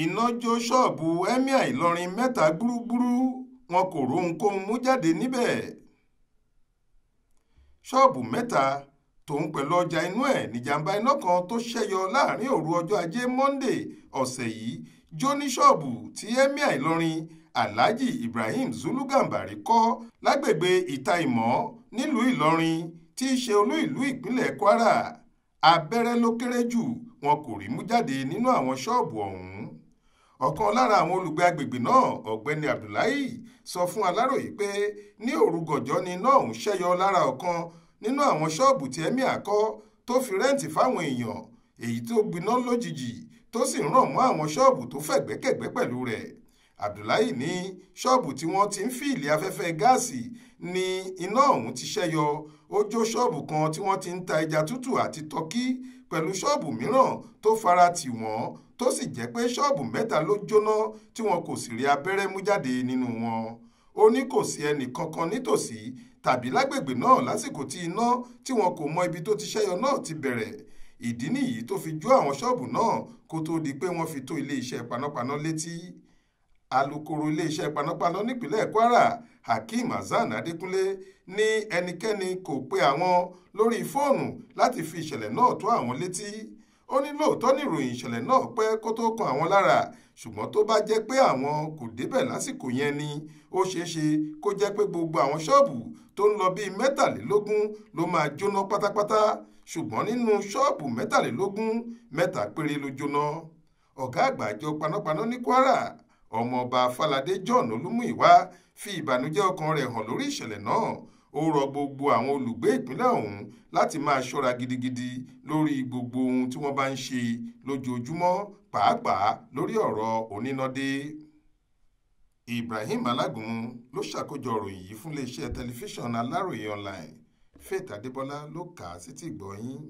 iná jó ṣọ́ọ̀bù emir ìlọrin mẹ́ta gbúrúgbúrú wọn kò róhunkóhun mú jáde níbẹ̀ ṣọ́ọ̀bù mẹ́ta tòun pẹ̀lú ọjà inú ẹ̀ níjàmbá iná kan tó ṣẹ́yọ láàrin òru ọjọ́ ajé monde ọ̀sẹ̀ yìí jó ní ṣọ́ọ̀bù tí emir ìlọrin alhaji ibrahim zulu gambari kọ́ lágbègbè ìta ìmọ̀ nílùú ìlọrin tí í ṣe olú ìlú ìpínlẹ̀ kwara abẹ́rẹ́ ló kéré jù wọn kò rí mú jáde nínú àwọn ṣọ́ọ̀bù ọ̀hún ọ̀kan lára àwọn olùgbé agbègbè náà ọ̀gbẹ́ni abdullahi sọ fún aláròye pé ní òru gànjọ́ ni iná ọ̀hún ṣẹ́yọ lára ọ̀kan nínú àwọn ṣọ́ọ̀bù tí emir kọ́ tó fi rẹ́ǹtì fáwọn èèyàn èyí tó gbiná lójijì tó sì ràn mọ́ àwọn ṣọ́ọ̀bù tó fẹ̀gbẹ́kẹ̀gbẹ́ pẹ̀lú rẹ̀ abdullahi ní ṣọ́ọ̀bù tí wọ́n ti ń fìlì afẹ́fẹ́ gáàsì ni iná ọ̀hún ti ṣẹ́yọ ó jó ṣọ́ọ̀bù kan tí wọ́n ti ń ta ẹja tútù àti tọ́kí pẹ̀lú ṣọ́ọ̀bù mìíràn tó fara tì wọ́n tó sì jẹ́ pé ṣọ́ọ̀bù mẹ́ta ló jóná tí wọn kò sì rí abẹ́rẹ́ mú jáde nínú wọn ó ní kò sí ẹnì kankan nítòsí tàbí lágbègbè náà lásìkò tí iná tí wọn kò mọ ibi tó ti ṣẹ́yọ náà ti bẹ̀rẹ̀ ìdí nìyí tó fi jó àwọn ṣọ́ọ̀bù náà kó tóó di pé wọ́n fi tó iléeṣẹ́ panápaná létí alūkkóró iléeṣẹ́ panápaná nípínlẹ̀ kwara hakeem hasan adékúnlé ní ẹnikẹ́ni kò pe àwọn lórí fóònù láti fi ìṣẹ̀lẹ̀ náà tó àwọn létí ó ní lóòótọ́ ní ìròyìn ìṣẹ̀lẹ̀ náà pẹ́ kó tó kan àwọn lára ṣùgbọ́n tó bá jẹ́ pé àwọn kò débẹ̀ lásìkò yẹn ni ó ṣeé ṣe kó jẹ́ pé gbogbo àwọn ṣọ́ọ̀bù tó ń lọ bíi mẹ́tàlélógún ló máa jóná pátápátá ṣùgbọ́n nínú ṣọ́ọ̀bù mẹ́tàlélógún mẹ́ta péré ló jóná ọ̀gá àgbà àjọ panápaná ní kwara ọmọọba Fáládé John Olúmúyìwá fi ìbànújẹ́ ọkàn rẹ̀ hàn lórí ìṣẹ̀lẹ̀ náà ó rọ gbogbo àwọn olùgbé ìpínlẹ̀ ọ̀hún láti máa ṣọ́ra gidigidi lórí gbogbo ohun tí wọ́n bá ń ṣe lójoojúmọ́ pàápàá lórí ọ̀rọ̀ onínàdé. Ibrahim Alágúnmu ló ṣàkójọ ìròyìn yìí fún iléeṣẹ́ tẹlifíṣàn Aláròye online Faith Adébọlá ló kà á sétí ìgbọ́ yín.